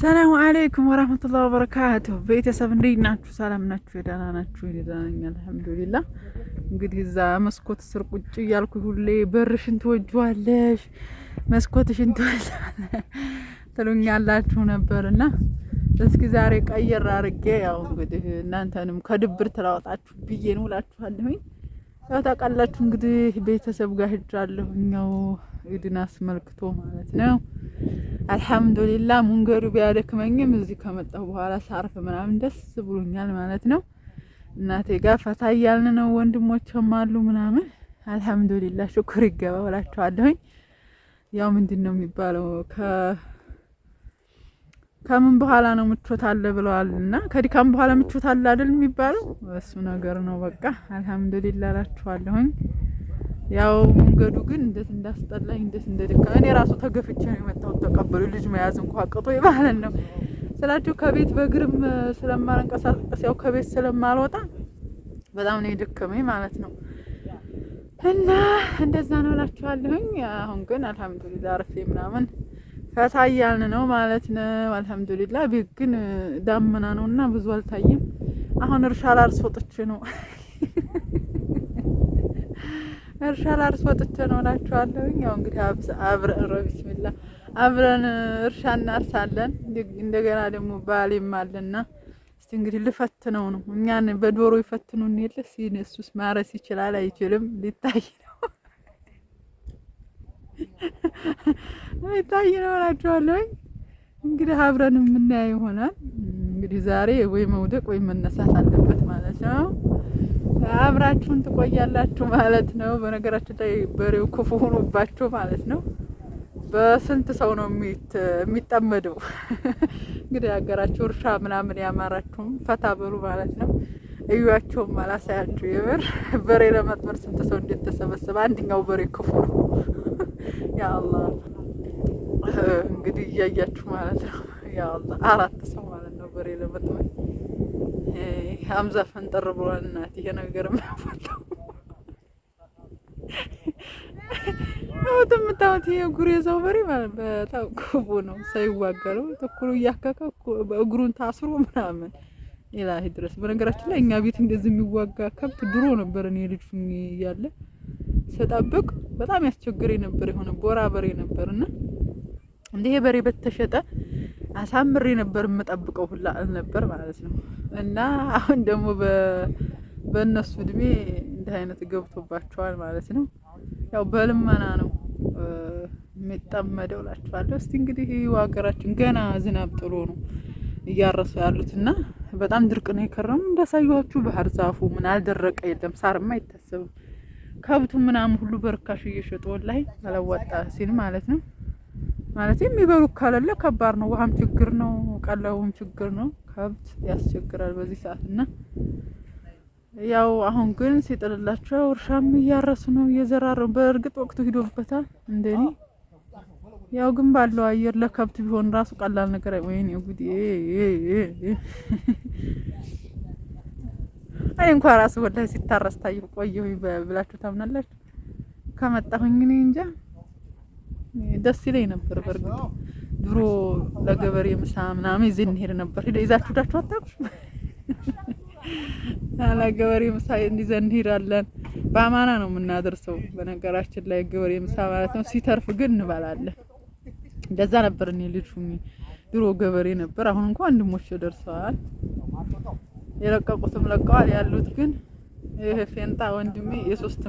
ሰላሙ አለይኩም ወራህመቱላ ወበረካቱ። ቤተሰብ እንዴት ናችሁ? ሰላም ናችሁ? የደህና ናችሁ? እኔ ደህና ነኝ አልሐምዱሊላህ። እንግዲህ እዛ መስኮት ስር ቁጭ እያልኩ ሁሌ በርሽን ትወጂዋለሽ፣ መስኮትሽን ትወጂዋለሽ ትሉኛላችሁ ነበር ነበርና እስኪ ዛሬ ቀየር አድርጌ ያው እንግዲህ እናንተንም ከድብር ትላወጣችሁ ብዬ ነው እላችኋለሁኝ። ያው ታውቃላችሁ እንግዲህ ቤተሰብ ጋር ሄጃለሁ። እኛው ኢድን አስመልክቶ ማለት ነው። አልሐምዱሊላ ሙንገሩ ቢያደክመኝም እዚህ ከመጣሁ በኋላ ሳርፍ ምናምን ደስ ብሎኛል ማለት ነው። እናቴ ጋር ፈታ እያልን ነው። ወንድሞችም አሉ ምናምን አልሐምዱሊላ ሽኩር ይገባ ብላችኋለሁኝ። ያው ምንድን ነው የሚባለው ከ ከምን በኋላ ነው ምቾት አለ ብለዋል። እና ከድካም በኋላ ምቾት አለ አይደል የሚባለው እሱ ነገር ነው። በቃ አልሐምዱሊላ እላችኋለሁኝ። ያው መንገዱ ግን እንዴት እንዳስጠላኝ እንዴት እንደደካ እኔ ራሱ ተገፍቼ ነው የመጣሁት። ተቀበሉ ልጅ መያዝ እንኳ ቅጦ ይባለን ነው ስላችሁ ከቤት በእግርም ስለማልንቀሳቀስ ያው ከቤት ስለማልወጣ በጣም ነው የደከመኝ ማለት ነው። እና እንደዛ ነው ላችኋለሁኝ። አሁን ግን አልሐምዱሊላ አረፌ ምናምን ከታያልን ነው ማለት ነው። አልሐምዱሊላ ቤት ግን ዳመና ነው እና ብዙ አልታየም። አሁን እርሻ ላርስ ወጥቼ ነው እርሻ ላርስ ወጥቼ ነው እላችኋለሁኝ። ያው እንግዲህ አብረን ቢስሚላ አብረን እርሻ እናርሳለን። እንደገና ደግሞ ባሌም አለና እስቲ እንግዲህ ልፈትነው ነው እኛን በዶሮ ይፈትኑን የለ እሱስ ማረስ ይችላል አይችልም ሊታይ ነው የሚታይ ነው እንግዲህ አብረን የምናየው ይሆናል። እንግዲህ ዛሬ ወይ መውደቅ ወይ መነሳት አለበት ማለት ነው። አብራችሁን ትቆያላችሁ ማለት ነው። በነገራችን ላይ በሬው ክፉ ሆኖባችሁ ማለት ነው። በስንት ሰው ነው የሚጠመደው? እንግዲህ ሀገራችሁ እርሻ ምናምን ያማራችሁም ፈታ በሉ ማለት ነው። እዩዋቸውም አላሳያችሁ የበር በሬ ለመጥመር ስንት ሰው ተሰበሰበ አንደኛው በሬ ክፉ ነው። ያአላ እንግዲህ እያያችሁ ማለት ነው። አራት ሰው ማለት ነው በሬ ለመጥመድ ሀምዛ ፈንጠር ብሏል። እናት ይሄ ነገር በሬ ማለት በጣም ክቡ ነው። እያከከ እግሩን ታስሮ ምናምን ድረስ። በነገራችን ላይ እኛ ቤት እንደዚህ የሚዋጋ ከብት ድሮ ነበር እኔ ልጅ እያለ ስጠብቅ በጣም ያስቸግር ነበር። የሆነ ቦራ በሬ ነበር እና እንዲህ በሬ በተሸጠ አሳምሬ ነበር የምጠብቀው ሁላ ነበር ማለት ነው። እና አሁን ደግሞ በእነሱ እድሜ እንዲህ አይነት ገብቶባቸዋል ማለት ነው። ያው በልመና ነው የሚጠመደው እላችኋለሁ። እስቲ እንግዲህ ሀገራችን ገና ዝናብ ጥሎ ነው እያረሱ ያሉት እና በጣም ድርቅ ነው የከረሙ እንዳሳዩችሁ። ባህር ዛፉ ምን አልደረቀ የለም፣ ሳርማ አይታሰብም። ከብቱ ምናምን ሁሉ በርካሽ እየሸጡ ወላሂ አላዋጣ ሲል ማለት ነው። ማለት የሚበሉ ካለለ ከባድ ነው። ውሃም ችግር ነው፣ ቀለቡም ችግር ነው። ከብት ያስቸግራል በዚህ ሰዓት እና ያው አሁን ግን ሲጥልላቸው እርሻም እያረሱ ነው እየዘራሩ። በእርግጥ ወቅቱ ሂዶበታል እንደኔ ያው ግን ባለው አየር ለከብት ቢሆን ራሱ ቀላል ነገር ወይ ነው ጉዲ እኔ እንኳን ራሱ ወላሂ ሲታረስ ታየሁ ቆየሁ ብላችሁ ታምናላችሁ? ከመጣሁኝ እኔ እንጃ ደስ ይለኝ ነበር። በእርግጥ ድሮ ለገበሬ ምሳ ምናምን ይዘን እንሄድ ነበር። ሄደ ይዛችሁ ዳችሁ አታውቁም? ለገበሬ ምሳ ይዘን እንሄዳለን። በአማና ነው የምናደርሰው። በነገራችን ላይ ገበሬ ምሳ ማለት ነው። ሲተርፍ ግን እንበላለን። እንደዛ ነበር እኔ ድሮ ገበሬ ነበር። አሁን እንኳን ወንድሞች ደርሰዋል። የለቀቁትም ለቀዋል። ያሉት ግን ይህ ፌንጣ ወንድሜ የሶስት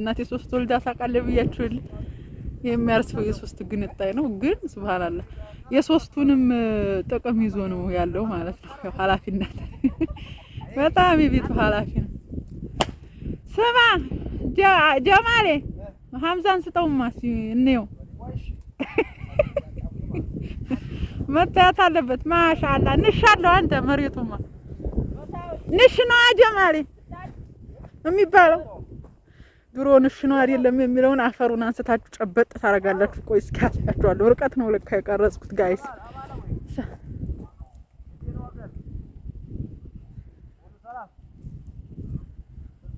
እናት የሶስት ወልዳ ታውቃለህ ብያችሁል የሚያርሰው የሶስት ግንጣይ ነው። ግን ስብሃንአላህ የሶስቱንም ጥቅም ይዞ ነው ያለው ማለት ነው። ኃላፊነት በጣም የቤቱ ኃላፊ ነው። ስማ ጀማሌ ሀምዛን ስጠውማ እንየው መታየት አለበት። ማሻአላ እንሻለሁ አንተ መሬቱማ ንሽ ነው አጀማሪ የሚባለው ድሮ ንሽ አይደለም የሚለውን አፈሩን አንስታችሁ ጨበጥ ታደርጋላችሁ። ቆይ እስኪ ያሳያችኋለሁ። ርቀት ነው ለካ የቀረጽኩት ጋይስ።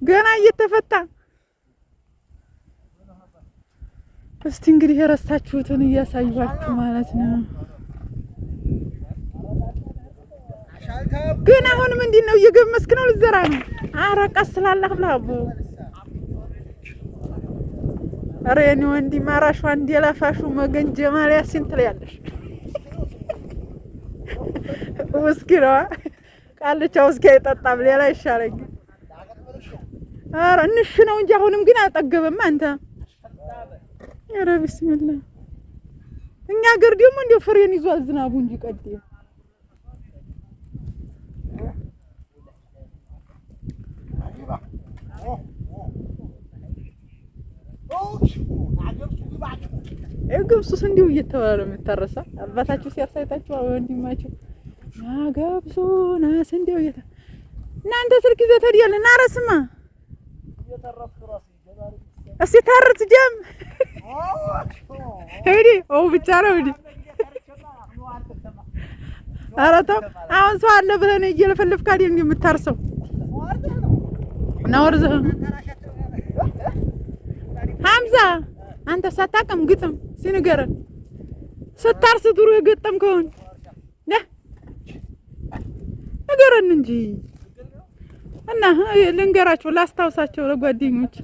ገና እየተፈታ እስቲ እንግዲህ የረሳችሁትን እያሳዩችሁ ማለት ነው። ግን አሁንም እንዴት ነው እየገመስክ ነው? ልዘራ ነው? ኧረ ቀስ ስላለህ ብላ አቦ ኧረ የእኔ ወንድም አራሹ አንዴ ላፋሹ መገን ጀማል ያሲን ትለያለሽ። ውስኪ ነዋ ቃልቻ ውስኪ አይጠጣም ሌላ ይሻለኝ። ኧረ እንሽ ነው እንጂ አሁንም ግን አልጠገበም። አንተ ኧረ ቢስሚላ እኛ አገር ደግሞ እንዲያው ፍሬን ይዟል ዝናቡ እንጂ ቀዴ ገብሱስ እንዲሁ እየተባለ ነው የምታረሳ አባታችሁ ሲያሳይታችሁ ወንድማችሁ ገብሱን ስንዴው እየተ እናንተ ስልክ ይዘህ ተዲያል እናረስማ እስቲ ታርት ጀም ሄዲ ኦ ብቻ ነው እንዴ? ኧረ ተው አሁን ሰው አለ ብለህ ነው እየለፈለፍክ አይደል እንዴ የምታርሰው? ናወርዘህ ሀምዛ አንተ ሳታውቅም ግጥም ሲንገረን ስታርስ ድሮ የገጠምከውን ንገረን እንጂ እና ልንገራቸው፣ ላስታውሳቸው ለጓደኞች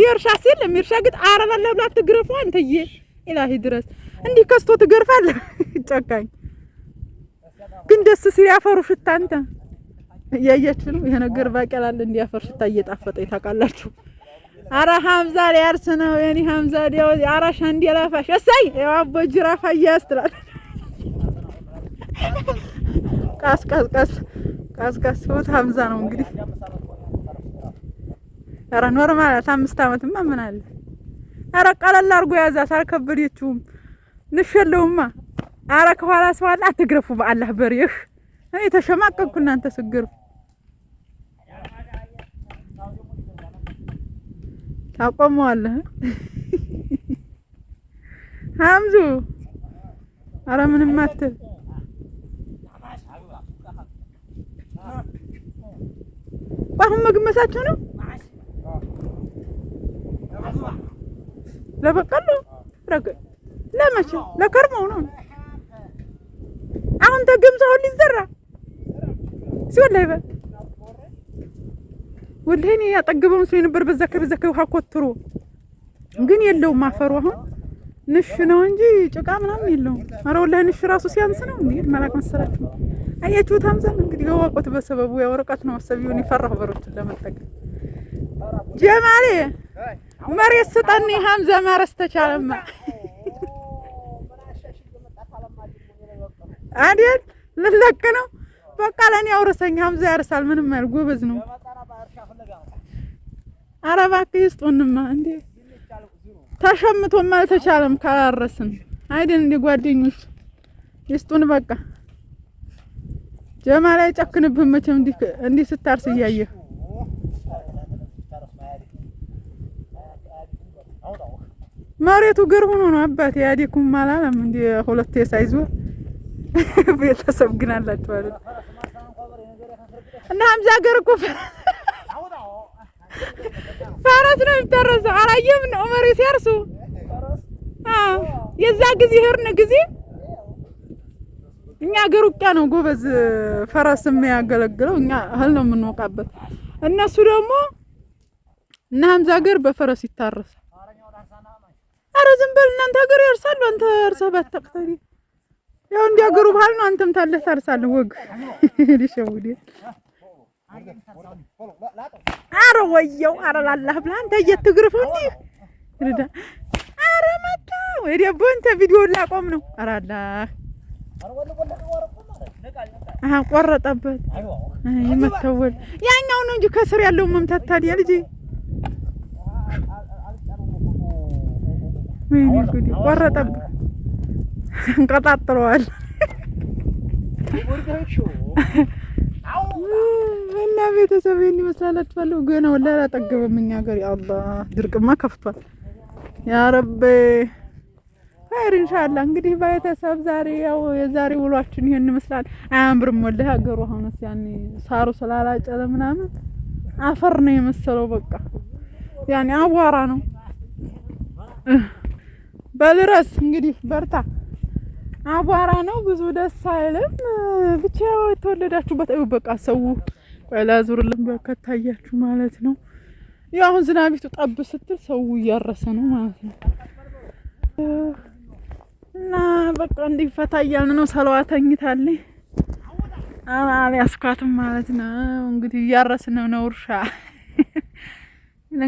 የእርሻ ሲልም የእርሻ ግጥ አረራ ለብላ ትግረፉ አንተዬ ኢላሂ ድረስ እንዲህ ከስቶ ትገርፋለህ። ጨካኝ ግን ደስ ሲል ያፈሩ ሽታ አንተ እያያችሁ ነው። ይሄ ነገር ባቀላል እንዲያፈር ሽታ እየጣፈጠ ታውቃላችሁ። አረ ሀምዛ ሊያርስ ነው የኔ ሀምዛ ዲያው አራሽ አንድ ያላፋሽ እሰይ አቦ ጅራፍ ያስትላል። ቀስ ቀስ ቀስ ቀስ ቀስ ሁት ሀምዛ ነው እንግዲህ። አረ ኖርማል አምስት አመትማ ምን አለ። አረ ቀለል አድርጎ ያዛት አልከበደችውም። ንሸለውማ አረ ከኋላ ሰው አለ። አትግረፉ በአላህ በሬህ እኔ ተሸማቀቅኩ እናንተ ስገርፉ አቆመዋለህ ሀምዙ አረ ምንም አትል። አሁን ምግብ ነው ለበቀሉ ረገ ለመቼ ለከርሞው ነው አሁን ተገምሰው ሊዘራ ሲወላ ይበል ወላሂ እኔ ያጠገበው መስሎኝ ነበር። በዛ ከበዛ ከውሃ ኮትሮ ግን የለውም አፈሩ አሁን ንሽ ነው እንጂ ጭቃ ምናምን የለውም። ኧረ ወላሂ ንሽ ራሱ ሲያንስ ነው እንዴ መላቅ መሰላችሁ። አያችሁ ሀምዛን እንግዲህ የወቁት በሰበቡ ያው ርቀት ነው ሰብዩን ይፈራሁ በሮችን ለመጠቀም ጀማሌ መሬት ስጠን ሀምዛ ማረስ ተቻለማ አይደል ልለቅ ነው በቃ ለእኔ አውርሰኝ ሀምዛ ያርሳል ምንም ያህል ጎበዝ ነው ኧረ እባክህ ይስጡንማ እንዴ! ተሸምቶም አልተቻለም። ካላረስን አይደል እንዴ? ጓደኞች ይስጡን በቃ። ጀማ ጀማል አይጨክንብህም መቼም እንዲህ ስታርስ እያየህ መሬቱ ግር ሆኖ ነው አባቴ። ያዴኩም አላለም እንደ ሁለት ሳይዞ ቤተሰብ ግን አላችሁ አላቸው እና ሀምዛ ገር እኮ ፈረስ ነው የሚታረሰው። አላየም ነው ዑመር ሲያርሱ የዛ ጊዜ ሄርን ጊዜ እኛ ሀገር ውቂያ ነው ጎበዝ ፈረስ የሚያገለግለው። እኛ እህል ነው የምንወቃበት፣ እነሱ ደግሞ እና ሀምዛ ሀገር በፈረስ ይታረሳል። አረ ዝም በል እናንተ ሀገር ያርሳሉ። አንተ እርሰህ ባታቅተሪ ያው እንዲያገሩ ባህል ነው። አንተም ታለህ ታርሳለህ። ወግ ሊሸውዴ አረ ወየው፣ አረ ላላህ ብላ አንተ እየትግርፍ እንዲህ እንዳ አረ መጣ ወይ ደቦ እንተ ቪዲዮን ላቆም ነው። አረ አላህ አሃ ቆረጠበት። አይ ያኛው ነው እንጂ ከስር ያለው መምታት ታዲያ ልጅ ወይኔ ጉዴ ቆረጠበት፣ እንቀጣጥለዋል እና ቤተሰብን ይመስላላችኋለሁ። ገና ወላ አላጠገበም። እኛ ሀገር ያአላህ ድርቅማ ከፍቷል። ያ ረቤ ኸይር እንሻላ። እንግዲህ ቤተሰብ ዛሬ ያው የዛሬ ውሏችን ይህን ይመስላል። አያምርም ወላ ሀገሩ አሁንስ ያኔ ሳሩ ስላላጨለ ምናምን አፈር ነው የመሰለው። በቃ ያኔ አቧራ ነው። በልረስ እንግዲህ በርታ አቧራ ነው። ብዙ ደስ አይልም። ብቻ የተወለዳችሁበት እዩ። በቃ ሰው ቆይ ላዙርልን ከታያችሁ ማለት ነው። ያው አሁን ዝናቢቱ ጠብ ስትል ሰው እያረሰ ነው ማለት ነው። እና በቃ እንዲፈታ እያልን ነው። ሰለዋ ተኝታለች አልያዝኳትም ማለት ነው። እንግዲህ እያረስን ነው እርሻ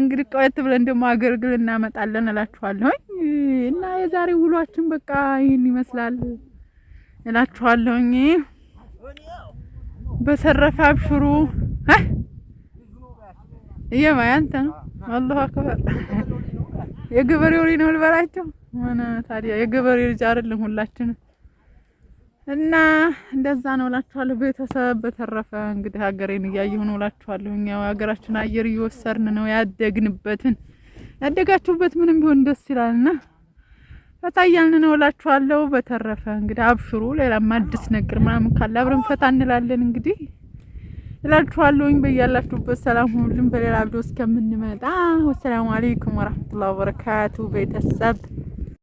እንግዲህ ቆየት ብለን ደግሞ አገልግል እናመጣለን እላችኋለሁኝ። እና የዛሬ ውሏችን በቃ ይህን ይመስላል እላችኋለሁኝ። በተረፈ አብሽሩ። እየማ ያንተ ነው። አላሁ አክበር። የገበሬው ልጅ ነው ልበላቸው። ምን ታዲያ የገበሬው ልጅ አይደለም ሁላችንም እና እንደዛ ነው እላችኋለሁ። ቤተሰብ በተረፈ እንግዲህ ሀገሬን እያየሁ ነው እላችኋለሁ። እኛ ሀገራችን አየር እየወሰድን ነው ያደግንበትን ያደጋችሁበት ምንም ቢሆን ደስ ይላልና ፈታ እያልን ነው እላችኋለሁ። በተረፈ እንግዲህ አብሽሩ። ሌላም አዲስ ነገር ምናምን ካለ አብረን ፈታ እንላለን። እንግዲህ እላችኋለሁኝ በያላችሁበት ሰላም ሁሉም። በሌላ ቪዲዮ እስከምንመጣ ወሰላሙ አሌይኩም ወራህመቱላሂ ወበረካቱ ቤተሰብ